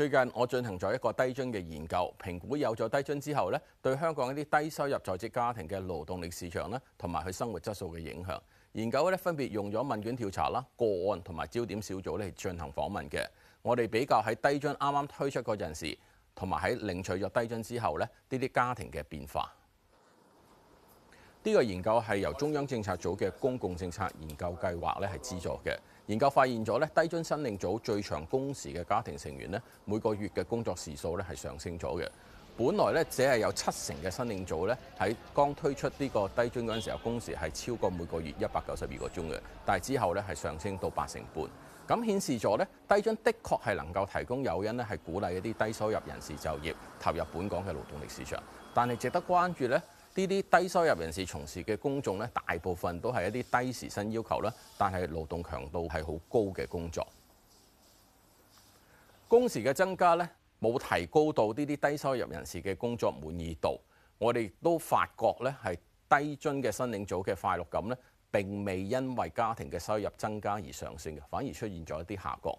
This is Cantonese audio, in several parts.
最近我進行咗一個低津嘅研究，評估有咗低津之後咧，對香港一啲低收入在職家庭嘅勞動力市場咧，同埋佢生活質素嘅影響。研究咧分別用咗問卷調查啦、個案同埋焦點小組嚟進行訪問嘅。我哋比較喺低津啱啱推出嗰陣時，同埋喺領取咗低津之後咧，呢啲家庭嘅變化。呢、這個研究係由中央政策組嘅公共政策研究計劃咧係資助嘅。研究發現咗咧，低津申領組最長工時嘅家庭成員咧，每個月嘅工作時數咧係上升咗嘅。本來咧，只係有七成嘅申領組咧喺剛推出呢個低津嗰陣時候，工時係超過每個月一百九十二個鐘嘅。但係之後咧係上升到八成半，咁顯示咗咧，低津的確係能夠提供誘因咧係鼓勵一啲低收入人士就業，投入本港嘅勞動力市場。但係值得關注咧。呢啲低收入人士從事嘅工種咧，大部分都係一啲低時薪要求啦，但係勞動強度係好高嘅工作。工時嘅增加咧，冇提高到呢啲低收入人士嘅工作滿意度。我哋都發覺咧，係低津嘅申領組嘅快樂感咧，並未因為家庭嘅收入增加而上升嘅，反而出現咗一啲下降。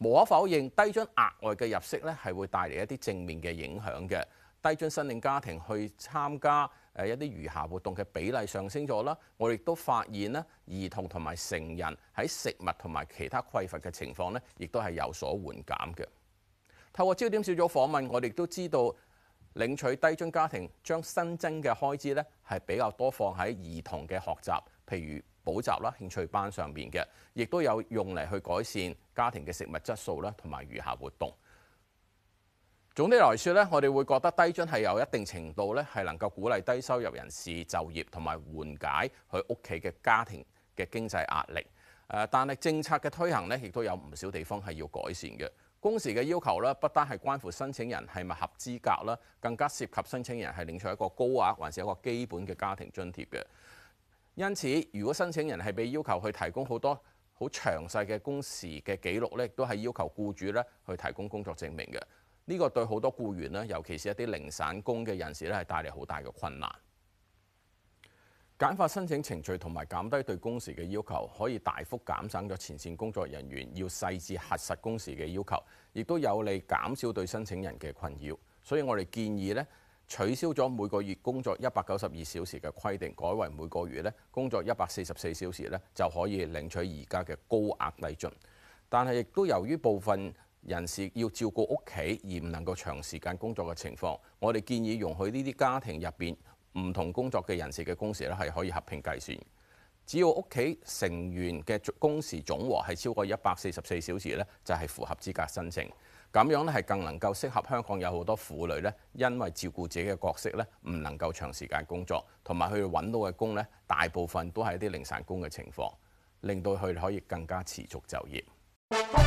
無可否認，低津額外嘅入息咧，係會帶嚟一啲正面嘅影響嘅。低津申領家庭去參加誒一啲餘暇活動嘅比例上升咗啦，我亦都發現咧，兒童同埋成人喺食物同埋其他匱乏嘅情況呢，亦都係有所緩減嘅。透過焦點小組訪問，我哋都知道領取低津家庭將新增嘅開支呢，係比較多放喺兒童嘅學習，譬如補習啦、興趣班上面嘅，亦都有用嚟去改善家庭嘅食物質素啦，同埋餘暇活動。總的來說咧，我哋會覺得低津係有一定程度咧，係能夠鼓勵低收入人士就業，同埋緩解佢屋企嘅家庭嘅經濟壓力。誒，但係政策嘅推行咧，亦都有唔少地方係要改善嘅。工時嘅要求啦，不單係關乎申請人係咪合資格啦，更加涉及申請人係領取一個高額還是一個基本嘅家庭津貼嘅。因此，如果申請人係被要求去提供好多好詳細嘅工時嘅記錄咧，亦都係要求僱主咧去提供工作證明嘅。呢、這個對好多雇員咧，尤其是一啲零散工嘅人士咧，係帶嚟好大嘅困難。簡化申請程序同埋減低對工時嘅要求，可以大幅減省咗前線工作人員要細緻核實工時嘅要求，亦都有利減少對申請人嘅困擾。所以我哋建議咧，取消咗每個月工作一百九十二小時嘅規定，改為每個月咧工作一百四十四小時咧就可以領取而家嘅高額低津。但係亦都由於部分人士要照顧屋企而唔能夠長時間工作嘅情況，我哋建議容許呢啲家庭入面唔同工作嘅人士嘅工時咧係可以合併計算，只要屋企成員嘅工時總和係超過一百四十四小時呢就係、是、符合資格申請。咁樣咧係更能夠適合香港有好多婦女呢，因為照顧自己嘅角色呢，唔能夠長時間工作，同埋佢揾到嘅工呢，大部分都係一啲零散工嘅情況，令到佢可以更加持續就業。